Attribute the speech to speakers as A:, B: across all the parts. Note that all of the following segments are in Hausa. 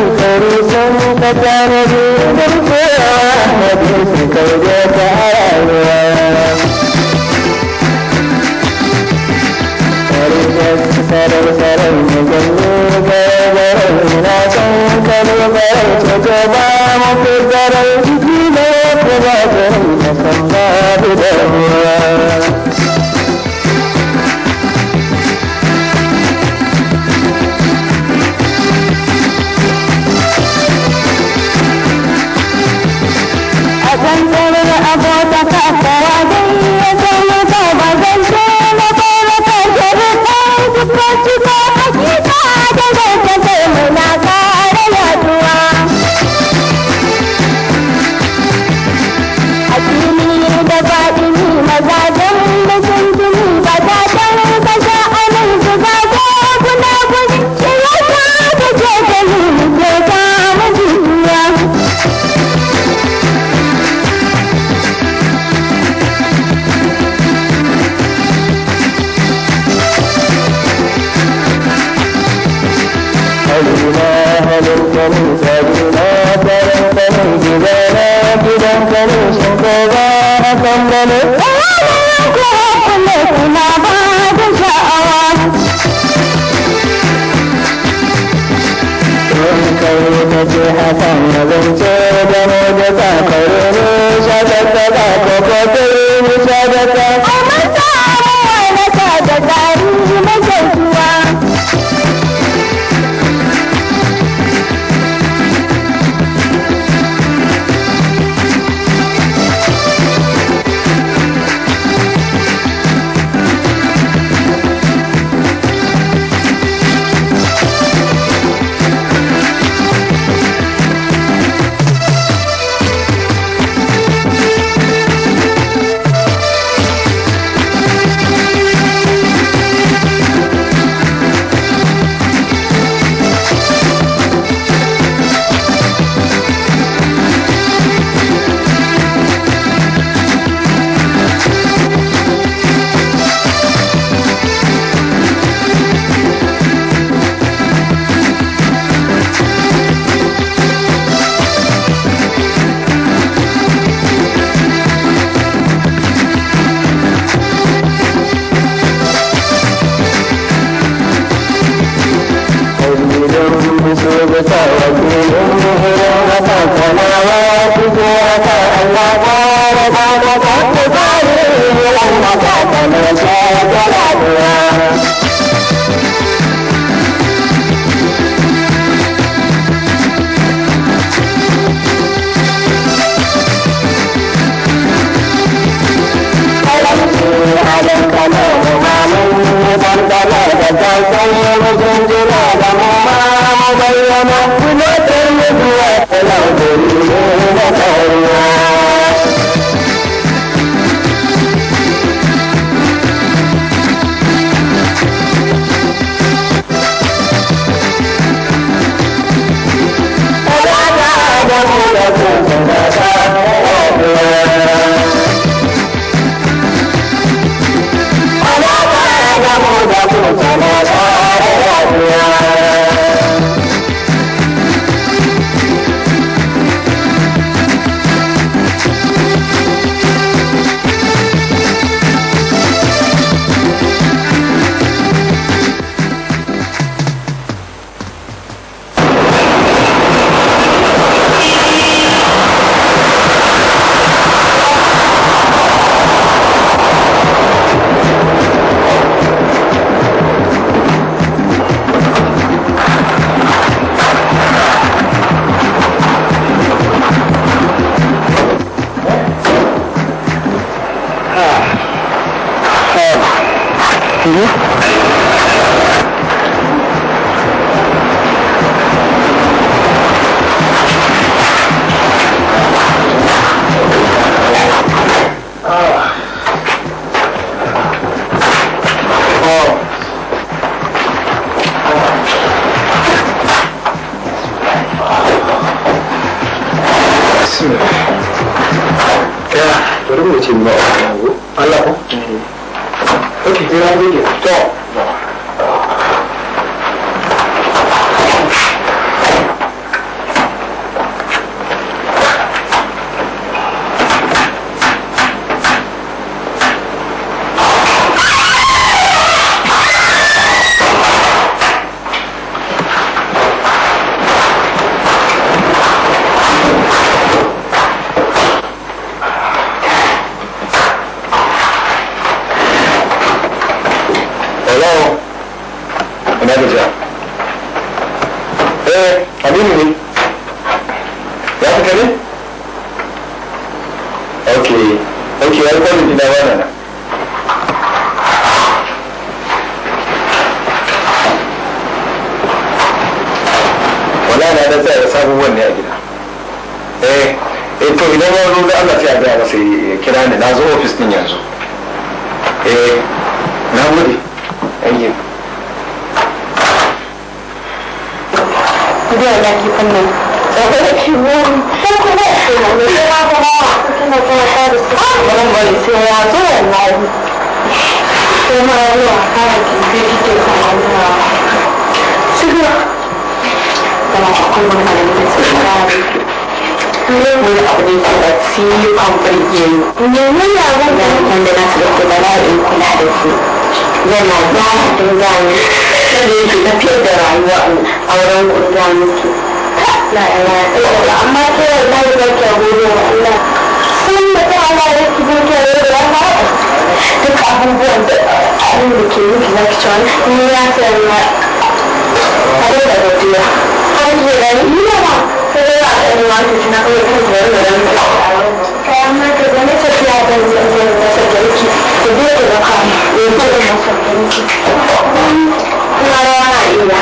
A: فريسا فكان من القوى حديثك وجاك على سرر سرر مجنوب برر لا تنكر برر تجبا مقدر الجبيل وقبادر مصنع بدر Sadaka,
B: tayyib da ya ki fannin tsoron shi yana ba haɗin zawo sai tafiyar da rayuwa a wurin ƙunga miki
C: la ila ila amma sai wa Allah sun da ta ya da ya duk abubuwan
B: da abin da ke zaki ni ya sayar na
A: a da gajiya har ki ni yan uwa su suna kawai kan su wani da rami kayan mata da na tafiya da zai da masa da yake da zai da baka da ya fara masa da yake kuma rawa na iya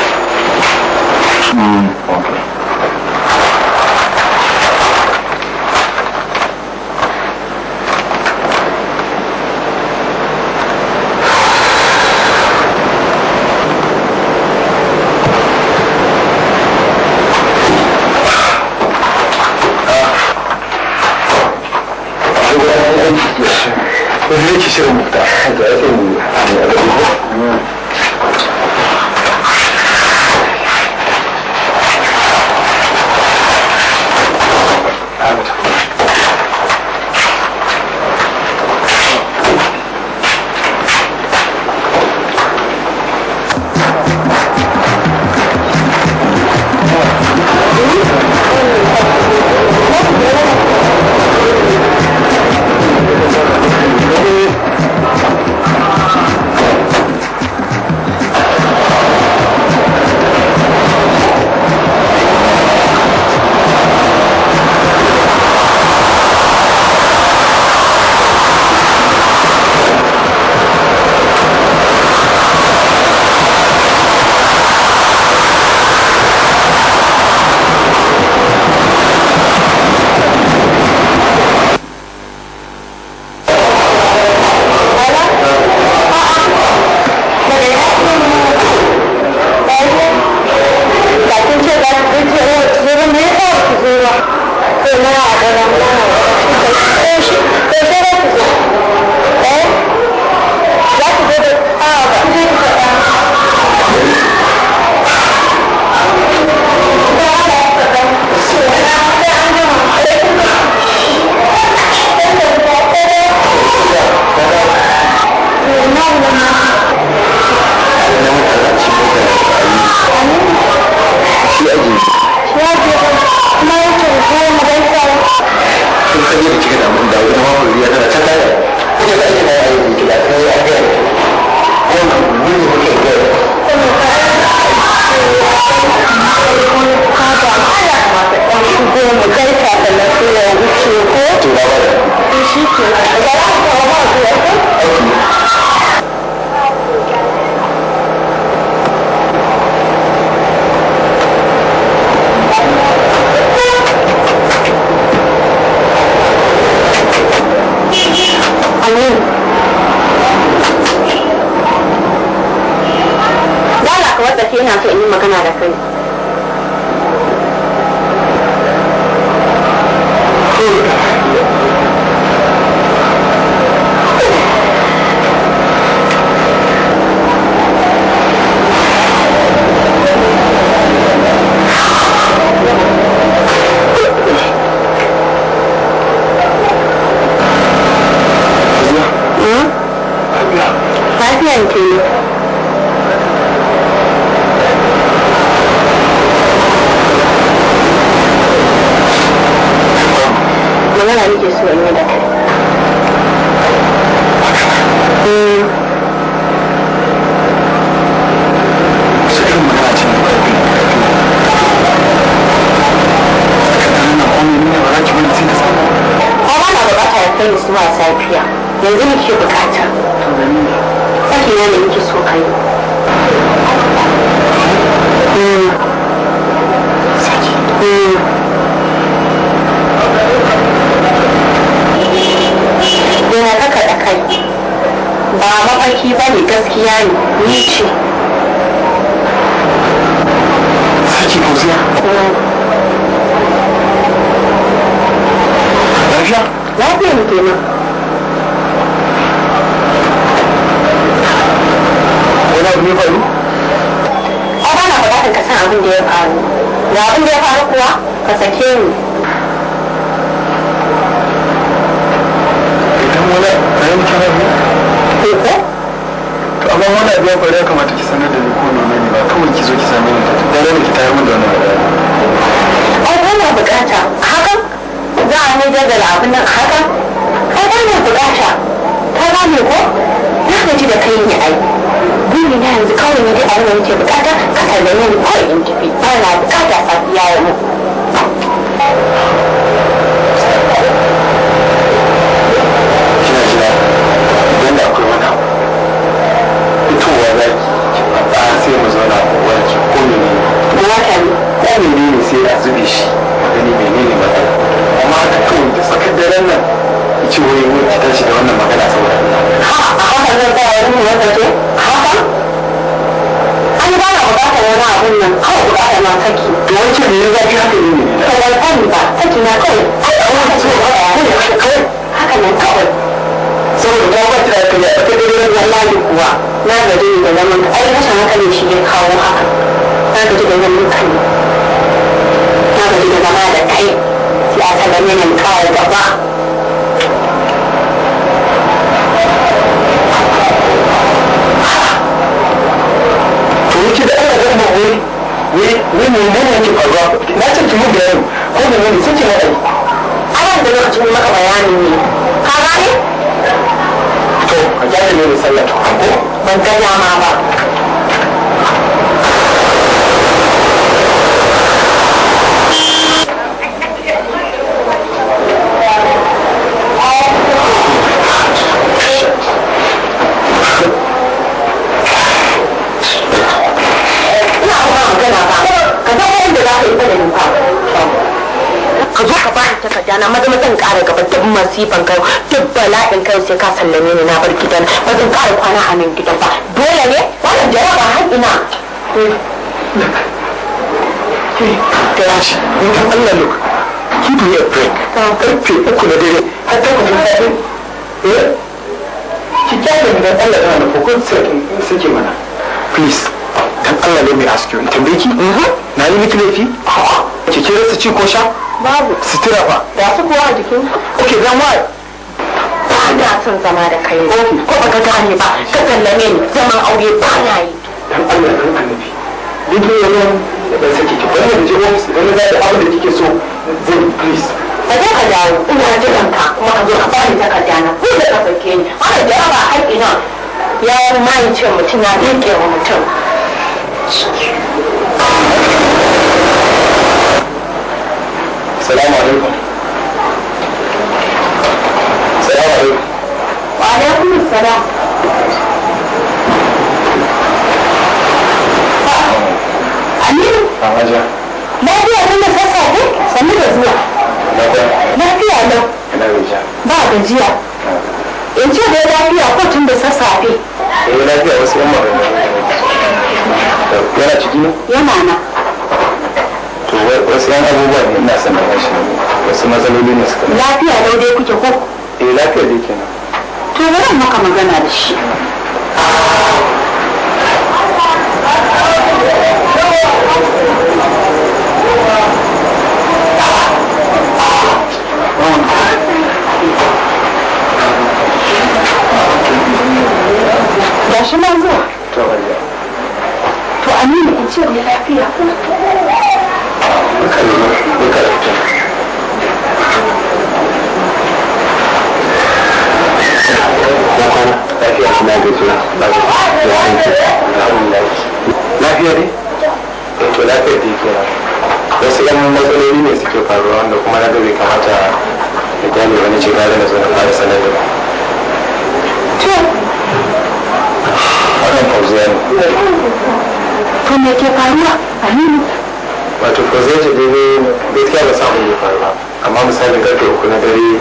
A: شيء متعهد عن أدبه
B: kwana a gidan ba
A: dole ne wannan jaraba har ina
B: in ka Allah look, keep me a break. Karfe uku na dare, har ta kuma safe. Eh? Ki kyale ni dan Allah yana nufo ko mana. Please, dan Allah ne mai ask you, ki? Mm-hmm. Na yi miki Ki kira su ci ko sha? Babu. ba. Da su kuwa a jikin. Okay, then why? ina son zama da kai ko ba ka gane ba ka sallame ni zaman aure ba na yi dan Allah dan annabi duk ne yayin da ban saki ki bari da jiwo su ga da abin da kike so zan please ba za ka dawo ina jiran ka kuma ka zo ka bani takarda na ko da ka sake ni ana da yawa haƙƙi na ya mai ce mutum na rike wa mutum Assalamu alaikum. Assalamu alaikum.
A: وعليكم السلام
B: Aminu? Amaja.
A: Lafiya ne na sassa ne? da zuwa. Lafiya ne?
B: Ba gajiya.
A: In ce dai lafiya ko
B: tun da sassafe. Eh lafiya wasu yan magana. Yana ciki ne? Yana na. To wasu yan abubuwa ne ina sanar da shi. Wasu matsaloli ne suka. Lafiya dai kuke ko? Eh lafiya dai kenan. to bari maka magana da shi gashi na zuwa to aminu in ce mai lafiya kwana ba lafiya ne lafiya matsaloli ne suke faruwa wanda kuma na bai kamata da wani fara da
C: wannan fauziya ne ke faruwa aminu
B: wato samun faruwa amma misalin karfe uku na dare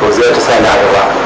B: fauziya ta sa na gaba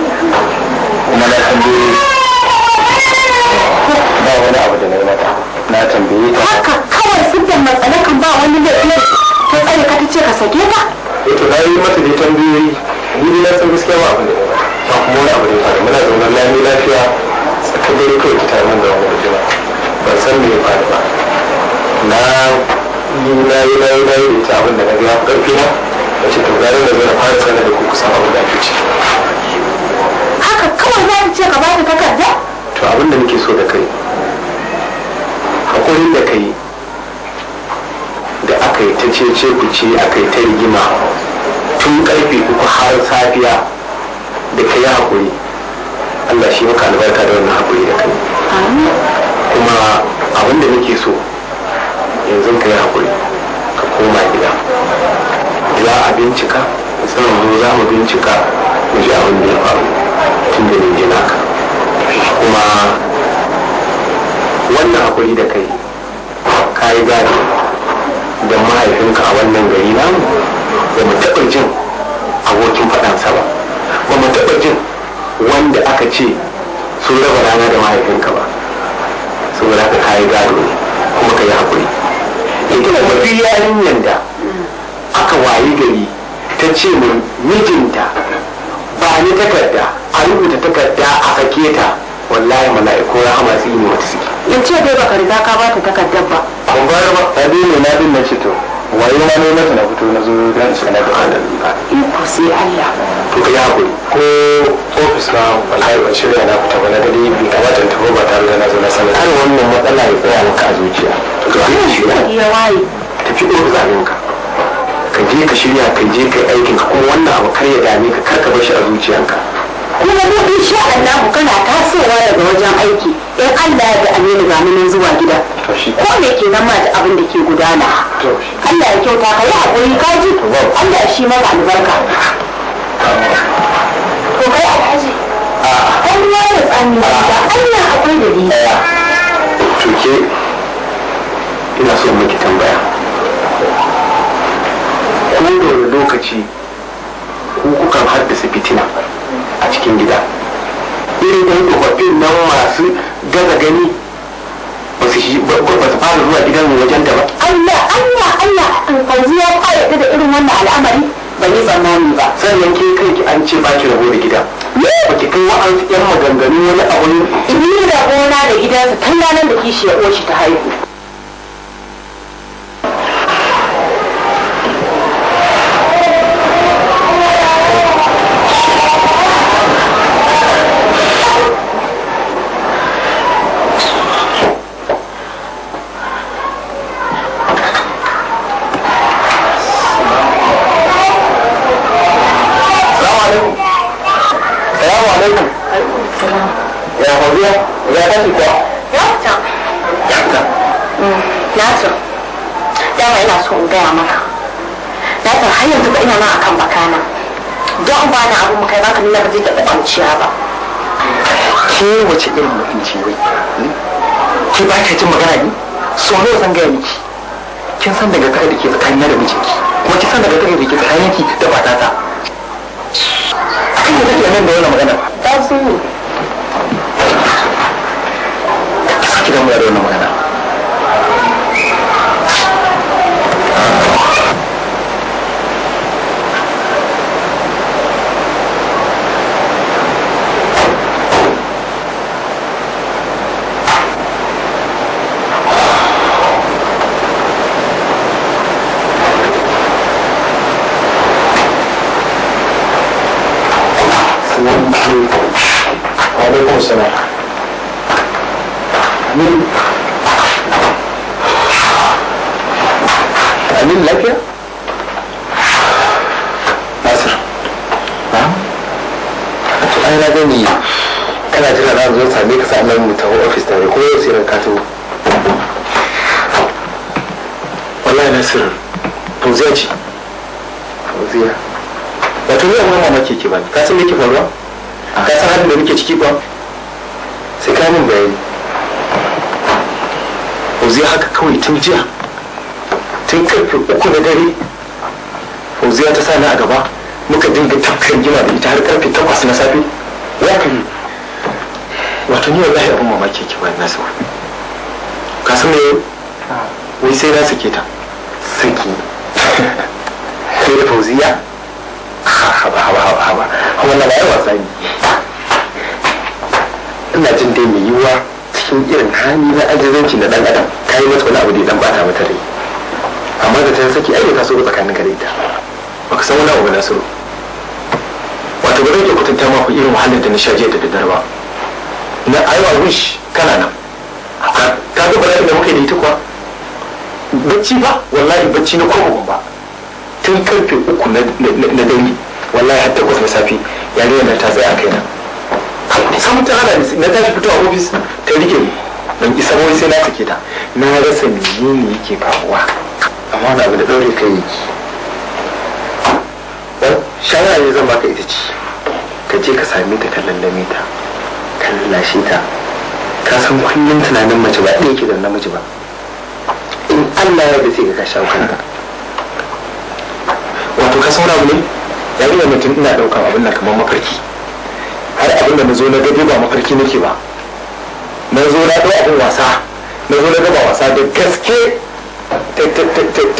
B: kuma na tambaye
A: ba wani abu da na yi mata na tambaye ta haka
B: kawai siddar kan ba wani da iya ta tsare ka ta ce ka sake ta eh, to na yi mata dai tambayoyi ni na san gaskiya ba abu da ya ba kuma wani abu da ya faru muna zaune lami lafiya tsakar dare kawai ta tarin da wani rigima ban san me ya faru ba na yi na yi na yi na yi da ita abin da na ga ya fi ƙarfi na wace to gare da zai fara sanar da ku kusan abin da ake ciki
C: haka kawai za ce ka bata takarda
B: to abin da nake so da kai hakuri da kai da aka yi ta cece ce aka yi ta rigima tun karfe uku har safiya da ka yi hakuri Allah shi maka albarka da wannan hakuri da kai kuma abin da nake so yanzu ka yi hakuri ka koma gida za a bincika musamman mu za mu bincika mu ji abin da ya faru tunda ne na ka kuma wannan hakuri da kai ka yi gari da mahaifinka a wannan gari na ba mu taɓa jin abokin faɗansa ba ba mu taɓa jin wanda aka ce sun raba rana da mahaifinka ba saboda haka ka yi gado ne kuma ka yi hakuri. ita da mafi yarinyar da aka wayi gari ta ce min mijinta ba ni takarda a rubuta takarda a sake ta wallahi mala'iku rahama su yi ne wata suke in ce dai baka riga ka bata takardar ba kun bar ba ta ne na bin nan to wayo na ne mata na fito na zo dan shi na duka da ku sai Allah to ka yabo ko ofis na wallahi ban shirya na fita ba na gadi bi kamata ta ba tare da na zo na sanar har wannan matsala ya tsaya maka a zuciya to ka yi shi ya waye tafi ofis abinka ka je ka shirya ka je ka aikin ka kuma wannan abu kar ya dame ka kar ka bar shi a zuciyanka kuma mu insha Allah kana tasowa daga wajen aiki in Allah ya da aminu ga mun zuwa gida ko me ke nan ma da abin da ke gudana Allah ya kyauta ka yi hakuri ka ji Allah shi maka albarka ko kai alhaji kan ya tsani da Allah akwai da to ke ina so miki tambaya kowane lokaci ku kukan haddasa fitina a cikin gida irin ɗan tsofaffin nan masu gaza gani ba su fara zuwa gidan wajen ba
A: Allah Allah Allah yanzu ya fara da irin wannan al'amari
B: Ba ni ba tsammani ba sannan ke kai an ce ba ki rabo da gida ba ki kai wa'an yan maganganu wani abu ni da gona da gidansa tallanan da da kishiyar uwarshi ta haihu so
A: dama ina so in gaya maka
B: na san har yanzu ba ina nan akan bakana don ba na abu kai baka nuna ba zai taɓa kwanciya ba ke wace irin mutunci wai ke ba ka ji magana ne so ne zan gaya miki kin san daga kai da ke tsakanina da mijinki kuma kin san daga kai da ke ki da matata ta kuma take nan da wannan magana ta su ki da mu da wannan magana ka san me yake faruwa ka san halin da muke ciki kuwa sai ka min bayani fauziya haka kawai tun jiya tun karfe uku da dare fauziya ta sa na a gaba muka dinga tafkar gina da ita har karfe takwas na safe ya kan wato ni wallahi abin mamaki ke bayan nasu ka san me wai sai na sake ta saki kai da fauziya Allah ba yawa sani ina jin dai mai yiwuwa cikin irin hali na ajizanci na dan adam ka yi mata wani abu da ya dan bata mata rai amma da ta saki ai ta so tsakanin ka da ita ka san wani abu na nasiru wato ba zan iya ma ku irin wahalar da na sha jiya da daddare ba na aiwa wish kana nan ka ga bala'in da muka yi da ita kuwa bacci ba wallahi bacci na kowa ba tun karfe uku na dare wallahi har takwas na safe yare na ta tsaya kai na samun ta hana na tashi fito a ofis ta rike ni don isa wani sai na sake ta na rasa menene yake faruwa amma wani abu da ɗaure kai yake shawara ne zan baka ita ce ka je ka same ta ka lallame ta ka lallashe ta ka san kullum tunanin mace ba ɗaya ke da namiji ba in allah ya da sai ka ka shawo kanka wato ka saura ne yarinya mutum ina daukan abin nan kamar mafarki har abin da na zo na gado ba mafarki nake ba na zo na ɗau abin wasa na zo na gaba wasa da gaske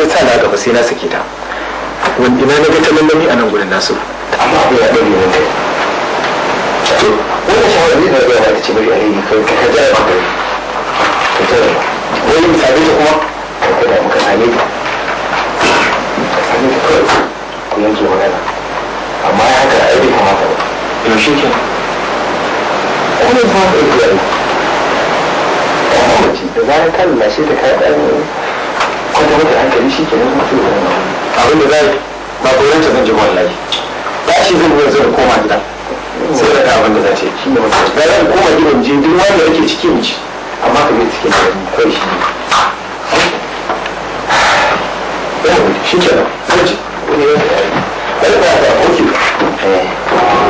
B: ta sa na gaba sai na sake ta wani ina na ga ta lallami a nan gudun nasu amma abin ya ɗaure ne kai wanda shawarar ne da gaba ta ce bari a yi kai ka kaja ya kudari ka tara wani misali da kuma ka kuda muka same ta ka same ta kawai kuma yanzu magana amma ya haka ai bai kamata ba shi ke kuma ba ka iya yi kuma mace da a kan lashe ta kai ɗan kwata mata hankali shi ke nan mutu da wani abin da zai ba ko yanta zan ji wallahi ba shi zan yi zan koma gida sai da abin da za ce shi ne mutu da zai koma gidan je duk wanda yake cikin ci amma ka bai cikin da kai shi ne
C: shi ke nan zan ji wani yau da ya yi é.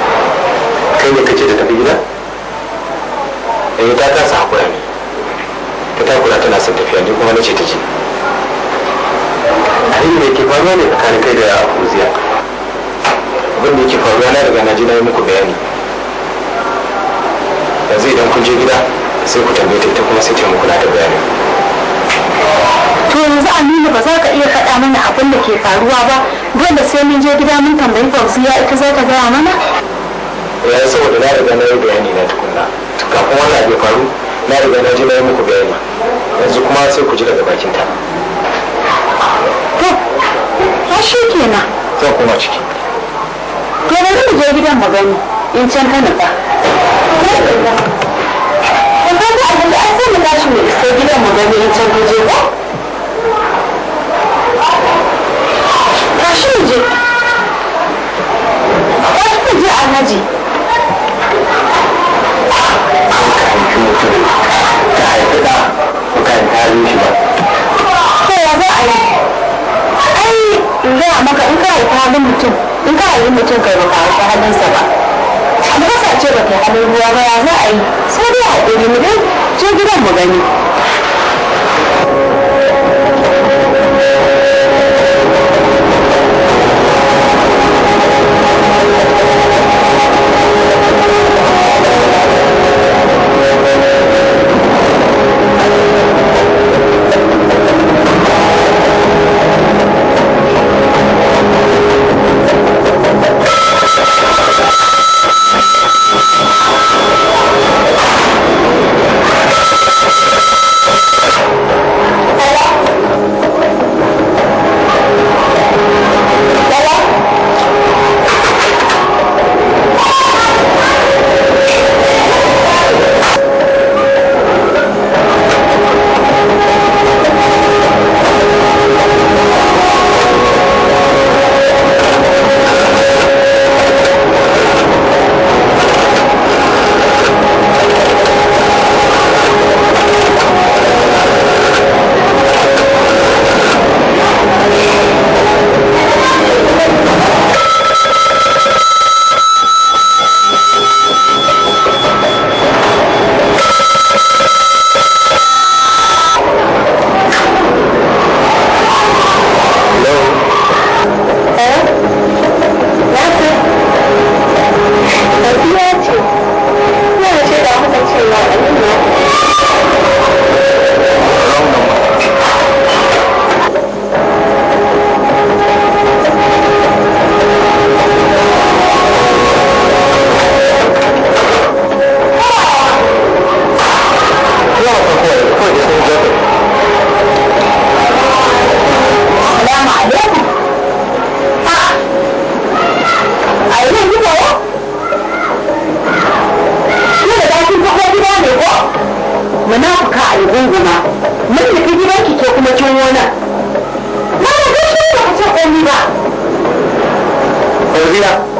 B: hanyar kace da tafi gida eh ta kasa hakura ne ta takura tana son tafiya ne kuma nace ta je abin da yake faruwa ne tsakanin kai da afuziya abin da yake faruwa na daga na ji muku bayani yanzu idan kun je gida sai ku tambaye ta ita kuma sai ta muku na ta bayani to yanzu aminu ba za ka iya faɗa mana abin da ke faruwa ba dole sai mun je gida mun tambayi fauziya ita za ta gaya mana ya yi saboda na riga na yi bayani na tukunna kafin wannan bai faru na riga na je na yi muku bayani yanzu kuma sai ku ji daga bakin ta to a shi kenan zan koma ciki to bari mu je gidan mu gani in can ta nufa ko ka ga abin da an sai mu tashi mu isa gidan magani in can ta je ko
C: tashi mu je tashi mu je alhaji
B: mutum ta haifi ɗa bukan ta shi ba.
C: ya za a yi?
B: Ai za a maka in ka haifi halin mutum in ka haifi mutum kai baka haifi halinsa ba. Albasa ce ba kai halin ruwa ba ya za a yi sai dai haƙuri mu dai je gidan mu gani.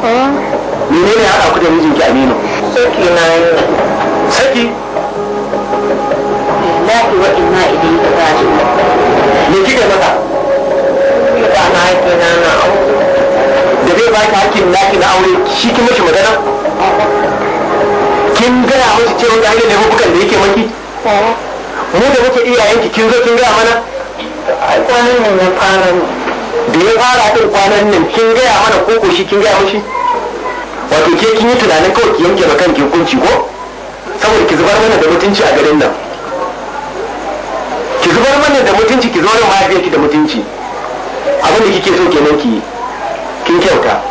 C: Mene
B: ne haɗa ku da mijinki Aminu? Saki na yi. Saki? Lahi wa ina idan ka tashi. Me kika mata? Ba na haƙi na na aure. Da zai baki haƙin naki na aure shi ki mace magana? Kin gaya mashi cewa da hanyar bukan da yake maki? Eh. Mu da muke iyayenki kin zo kin gaya mana? Ai kwanan nan na fara ne. da ya fara ɗin kwanan nan kin gaya mana ko shi kin gaya mishi wato ke kin yi tunanin kawai ki yanke ba kanki hukunci ko saboda ki zubar mana da mutunci a garin nan ki zubar mana da mutunci ki zo da mahaifiyarki da mutunci abin da kike so kenan ki kin kyauta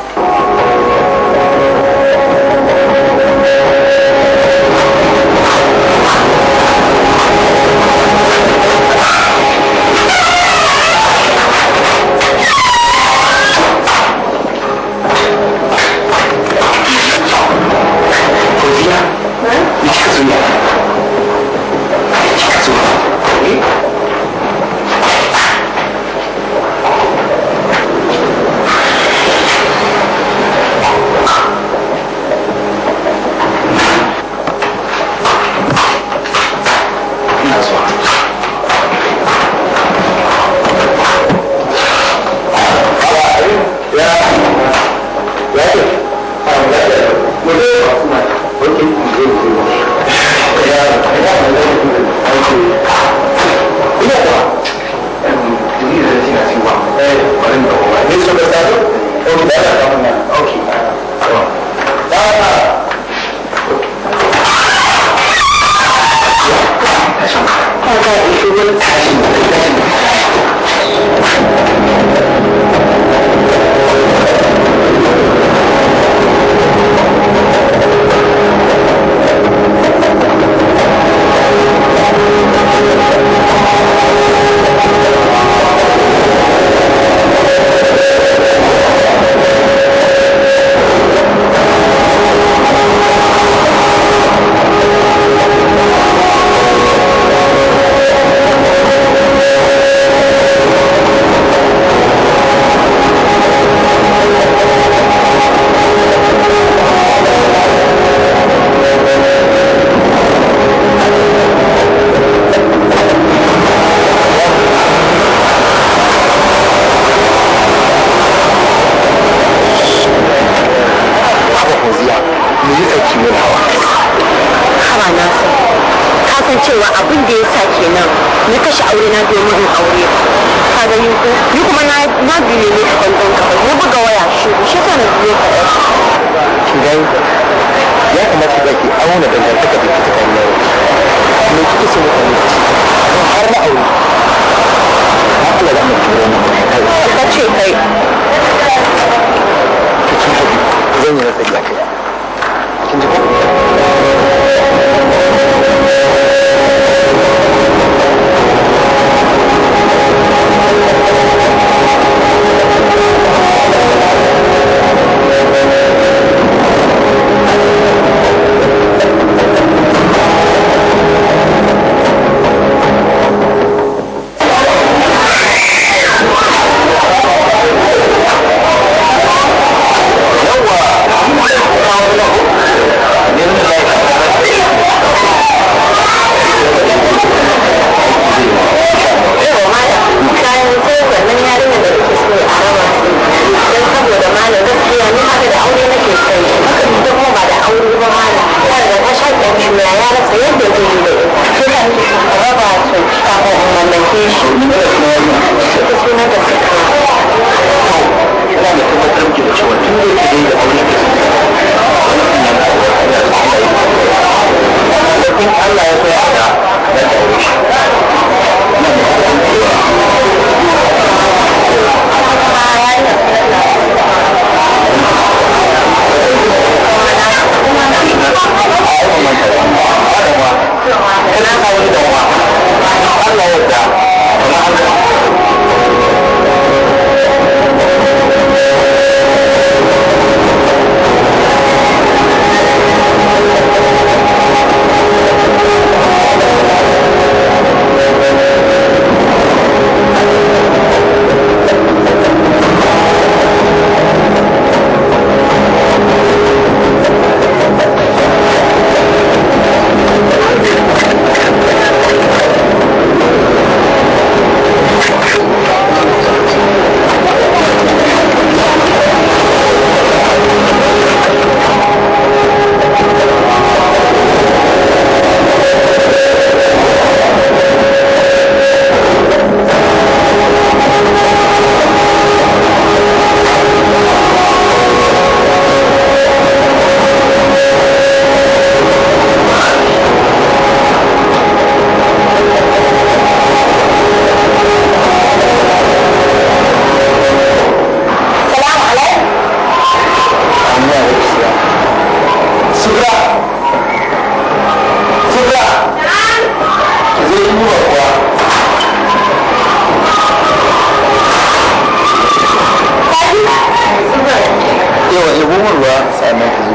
B: formula, I mentioned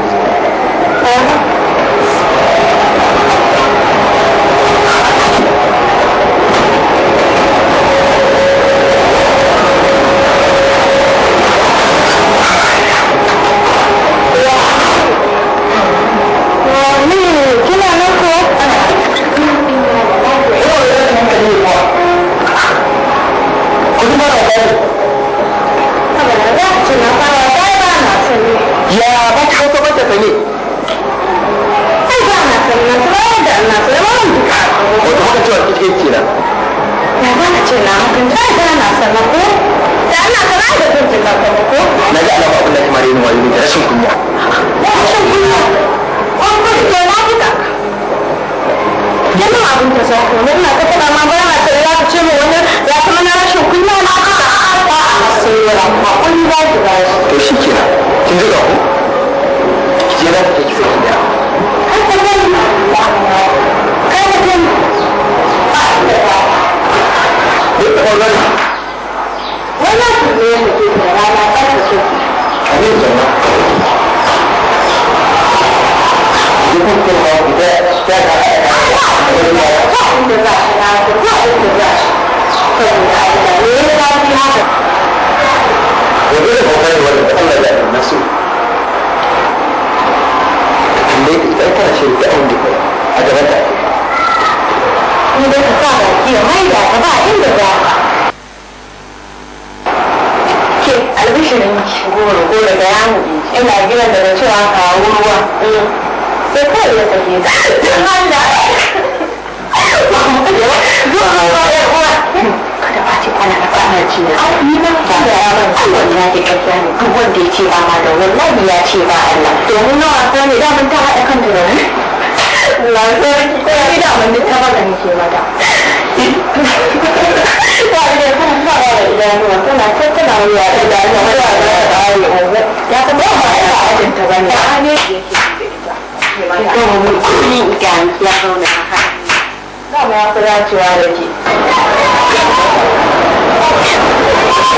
A: wallahi ƙarya ne duk wanda ya ce ba ma da wallahi ya ce ba Allah domin na wasa ne da mun ta haɗa kan da wani lafiya ko ya mun nake mata ba da kan ta ba da tana wuya da da ya ba ya
C: ba ta ba ne ne dama ya fi dacewa da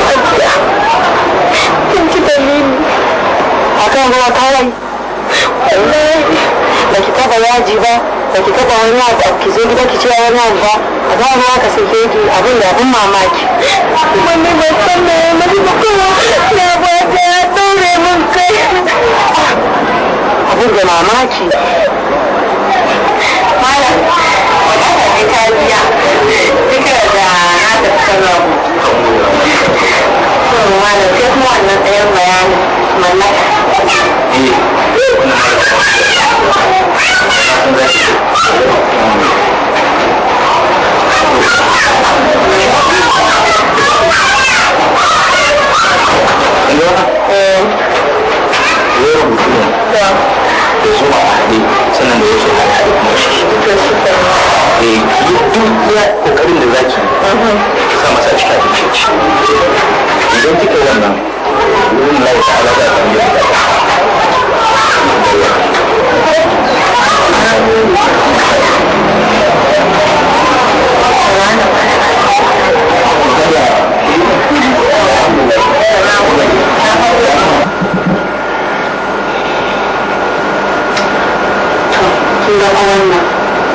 C: ke
B: kin ci dalili a kan ruwa kawai wallahi ba ki taba yaji ba ba ki taba wani abu ki zo gida ki ce wani abu ba a ba ka sake ki abin da abin mamaki wani bai san me ya mafi ba
C: kuma ya ba ta ya daure min kai abin da mamaki 이탈리아 그러니까 아들처럼 정말 그 후원은 대만 만나 Terima kasih. eh duk
B: ya kokarin da zaki sa masa idan kika wannan wurin Allah ta'ala za yi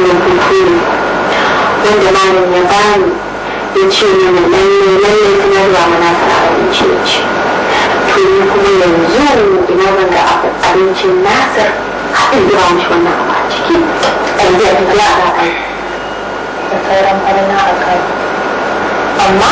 B: Thank you. akwai ya bani ya ce mini lalle kuma abinci ya kuma yanzu ina da abincin a a kai da sauran a kai amma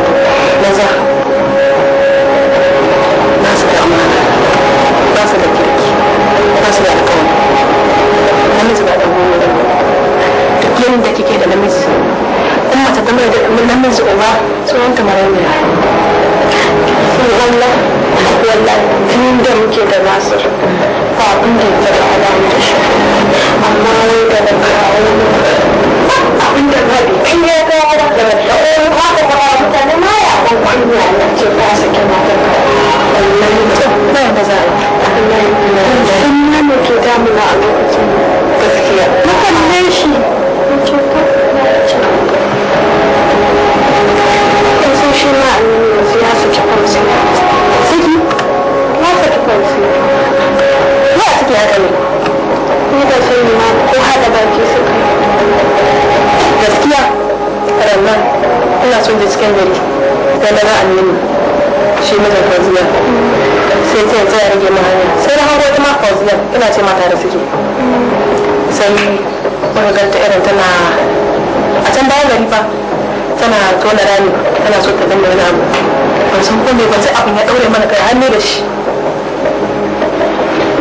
B: soyayyen da kike da namiji in mace ta mai da namiji uba tsohon ta maramiya wallah wallah
C: tun da muke da nasir ba abin da ya da alamu da shi amma
A: wai da kawo abin da ya da da da ba da ya ban ce ba su da
C: ba za a yi lokacin gaskiya mukan yaushe ya suke haka ne ni ba shi ma
B: ko haɗa baki suka gaskiya rannan ina son da cikin gari sai na ra'an nini shi mijin fauziya sai ce yanzu ya rage mu hanya sai na hango ita ma fauziya ina ce mata da suke sai muka ganta irin tana a can bayan gari ba tana tona rami tana so ta danna wani abu ban san ko me ba sai abin ya daure mana kai hannu da shi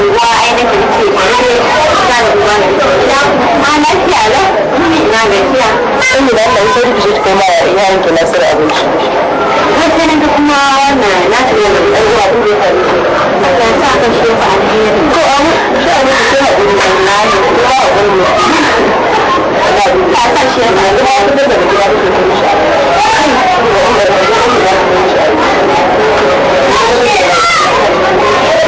B: unguwa ainihin ke kwanne ta da ne na ma lafiya la na lafiya sun da Allah sai ku ji cikin yayin ki na sir abinci wannan da kuma wannan na ta yi da zuwa dole ta yi ta sa ka shi ba alheri ko a mu shi a mu ta da Allah ko a mu ta sa shi ba da ba da da da da da da da da da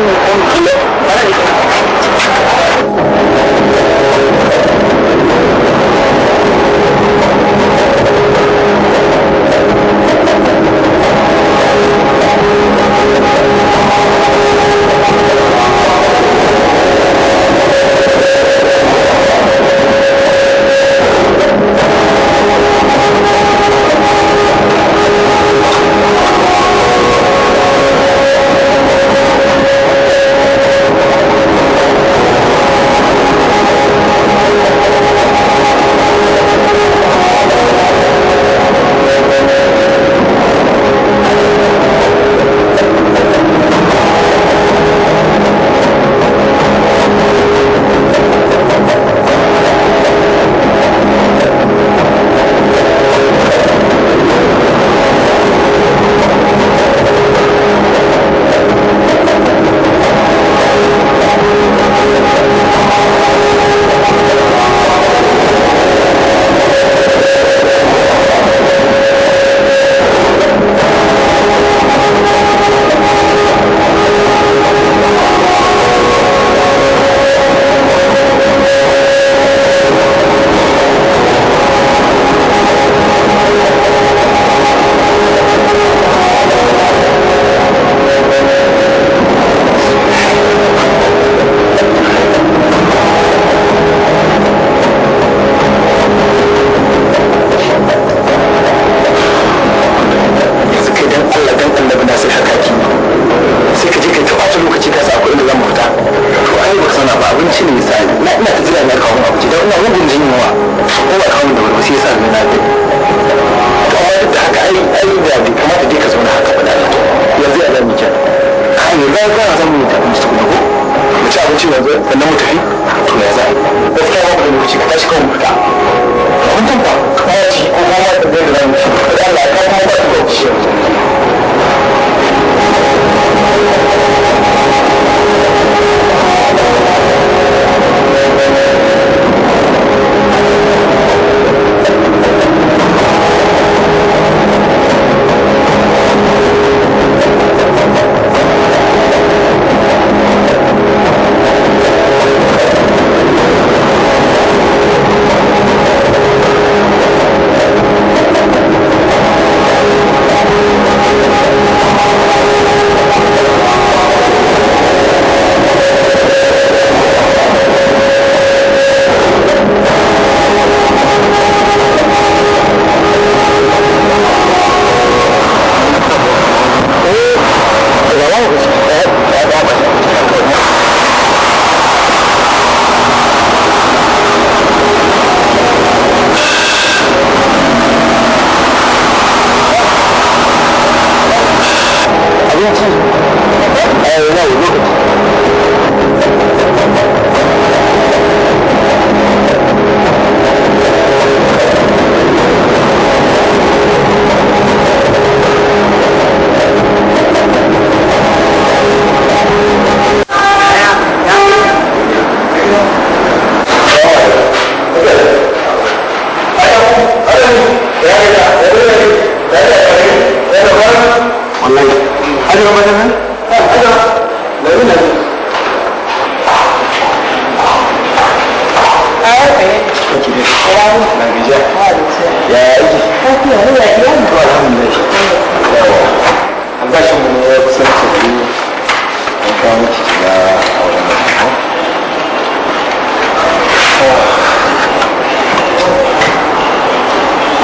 B: 你真的？哪里？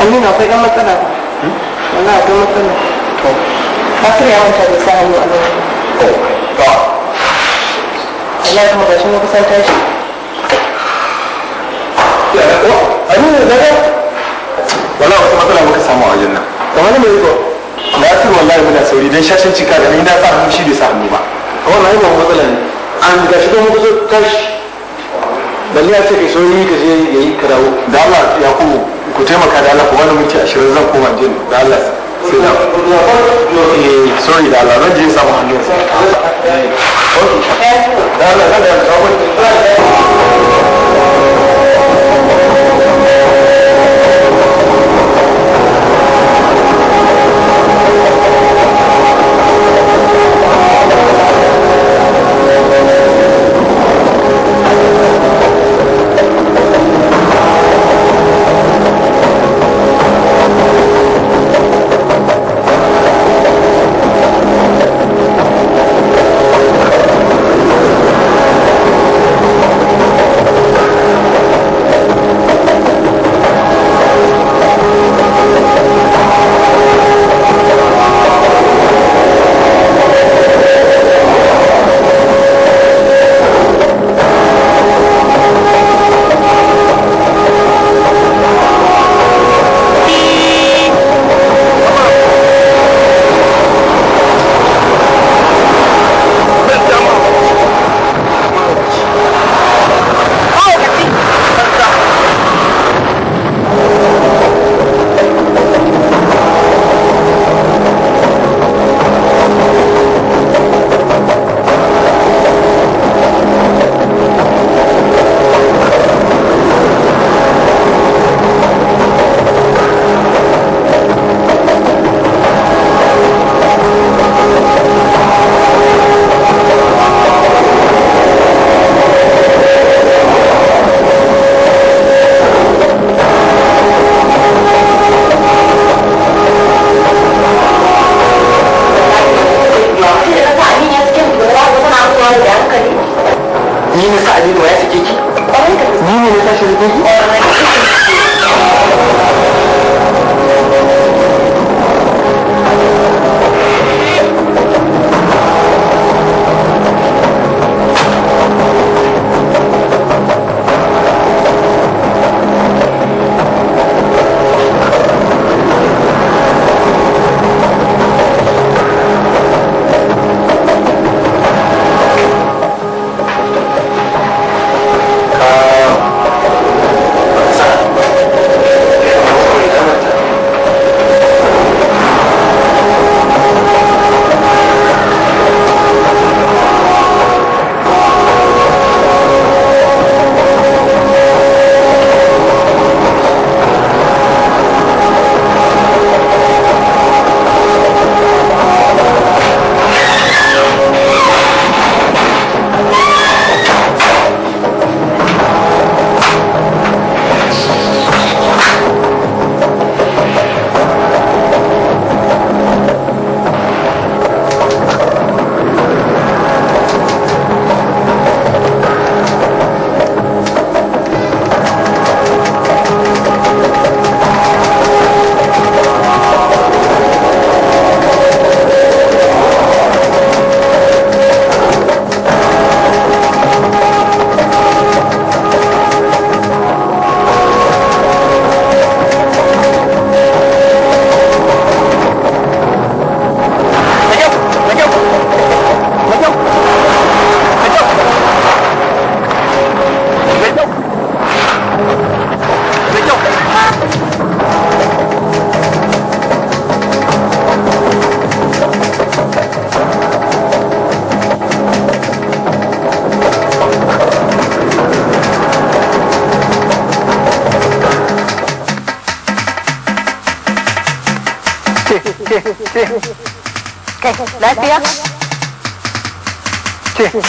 B: hannun akwai dan matsala ba wannan akwai matsala wanta da a nan Allah kuma na kusan tashi abin da daga wala wata matsala muka samu a wajen nan da wani mai ko da wallahi muna sauri dan shashin cika da ni na sa hannu da sa hannu ba wannan matsala ne an da tashi balle ya ce ka soyi ka je ya yi karawo da Allah ya ku ku taimaka da Allah ku wani minti ashirin zan koma jin da Allah sai na eh, sorry da Allah zan je samu hannun ko da Allah kada ya kawo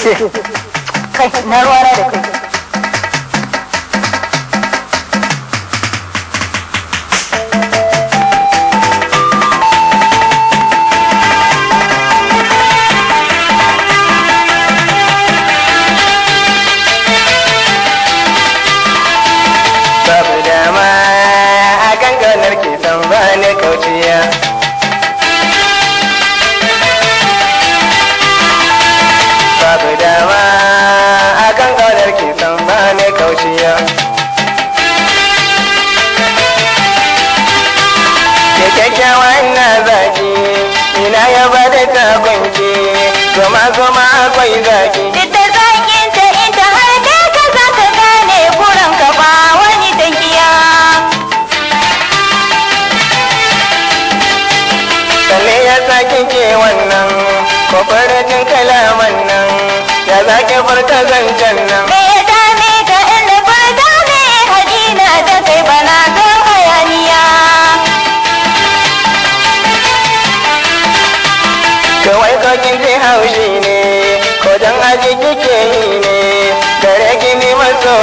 A: 对对对 ಕೇಳಿ ಮಸೋ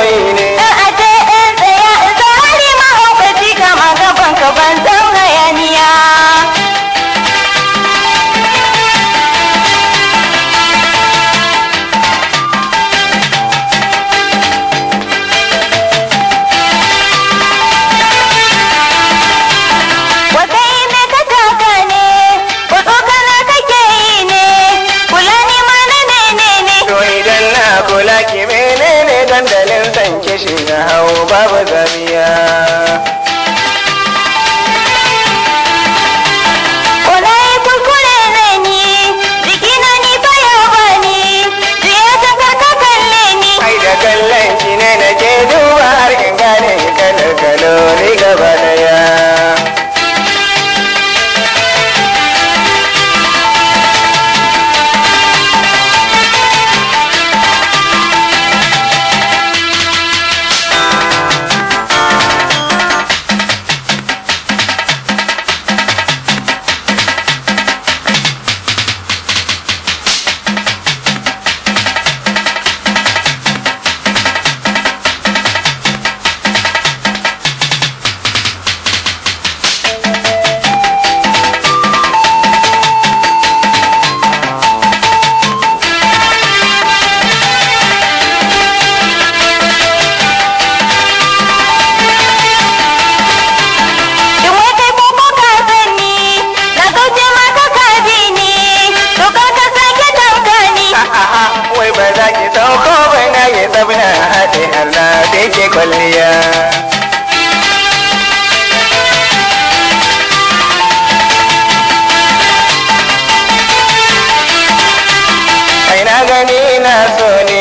A: aina gani na so ne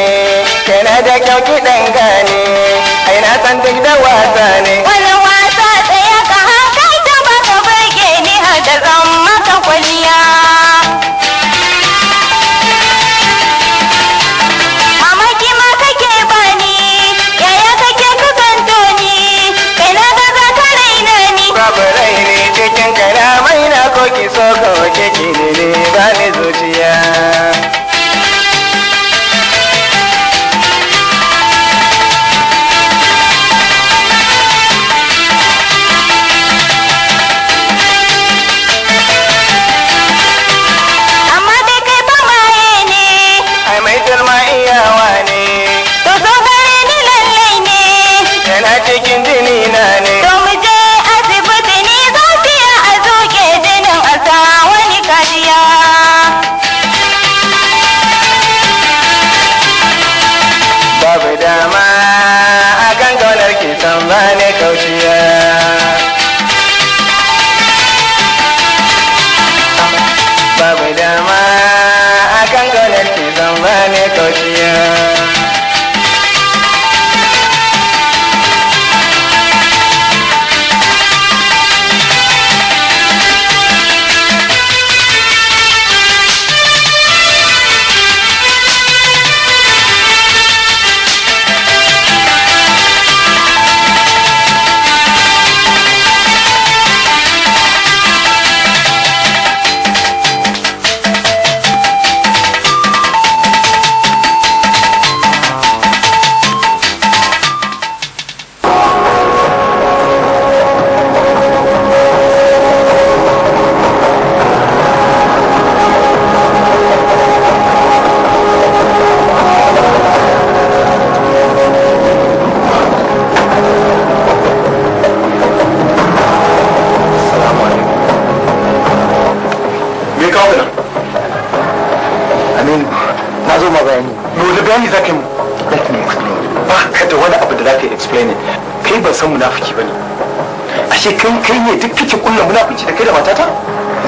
A: kai na da kyau kiɗan gane aina san duk da wasa ne
B: ashe kan kai ne duk kike kullum muna munafici da kai da matata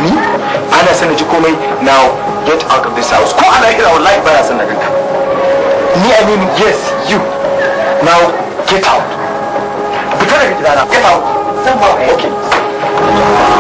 B: ni hmm? ana sanin ji komai now get out of this house ko ana ira wallahi bana san daga ka ni i mean yes you now get out fita daga gidana get out zan ba okay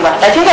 B: はラジオ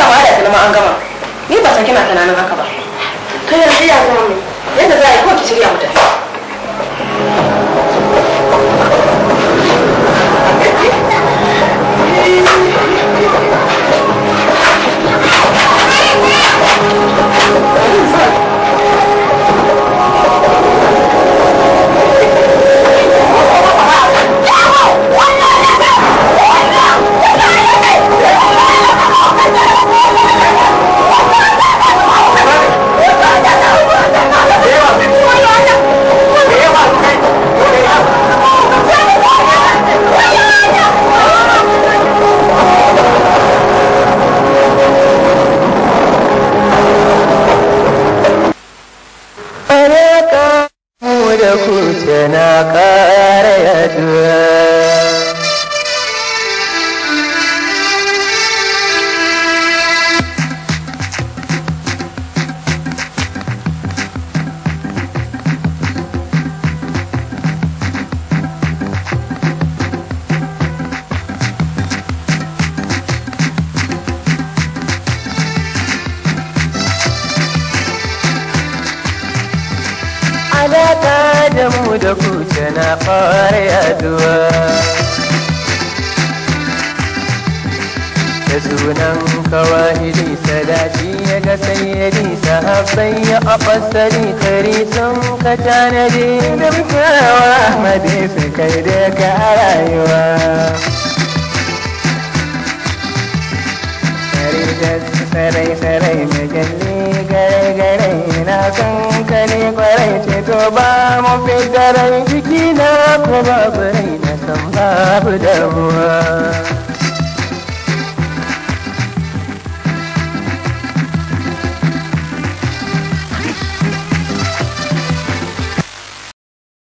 A: ና